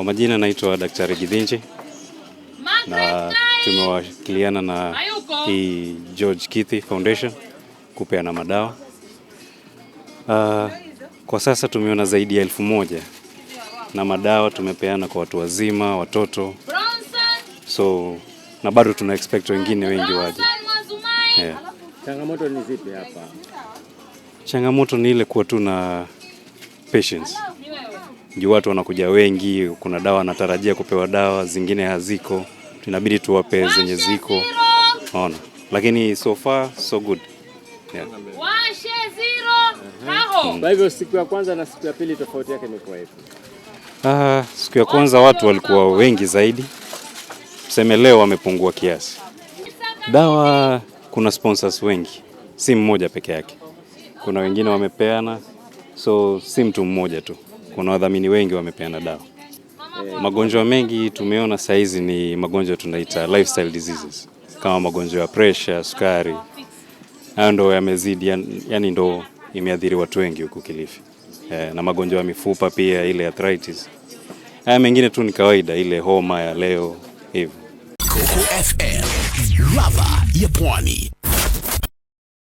Kwa majina naitwa Daktari Githinji na tumewakiliana na hii George Kithi Foundation kupeana madawa. Uh, kwa sasa tumeona zaidi ya elfu moja na madawa tumepeana kwa watu wazima, watoto, so na bado tuna expect wengine wengi waje. Yeah. Changamoto ni zipi hapa? Changamoto ni ile kuwa tu na patience juu watu wanakuja wengi, kuna dawa anatarajia kupewa dawa zingine haziko, tunabidi tuwape zenye ziko ona, lakini so far so good yeah. Mhm. Mm. Kwa hivyo siku ya kwanza na siku ya pili tofauti yake imekuwa ipi? Ah, siku ya kwanza watu walikuwa wengi zaidi, tuseme leo wamepungua kiasi. Dawa kuna sponsors wengi, si mmoja peke yake, kuna wengine wamepeana, so si mtu mmoja tu kuna wadhamini wengi wamepeana dawa. Eh, magonjwa mengi tumeona saizi ni magonjwa tunaita lifestyle diseases kama magonjwa ya pressure, sukari, hayo ndo yamezidi, yani ndo imeathiri watu wengi huku Kilifi e, na magonjwa ya mifupa pia, ile arthritis. Haya mengine tu ni kawaida, ile homa ya leo hivi. Coco FM, ladha ya Pwani.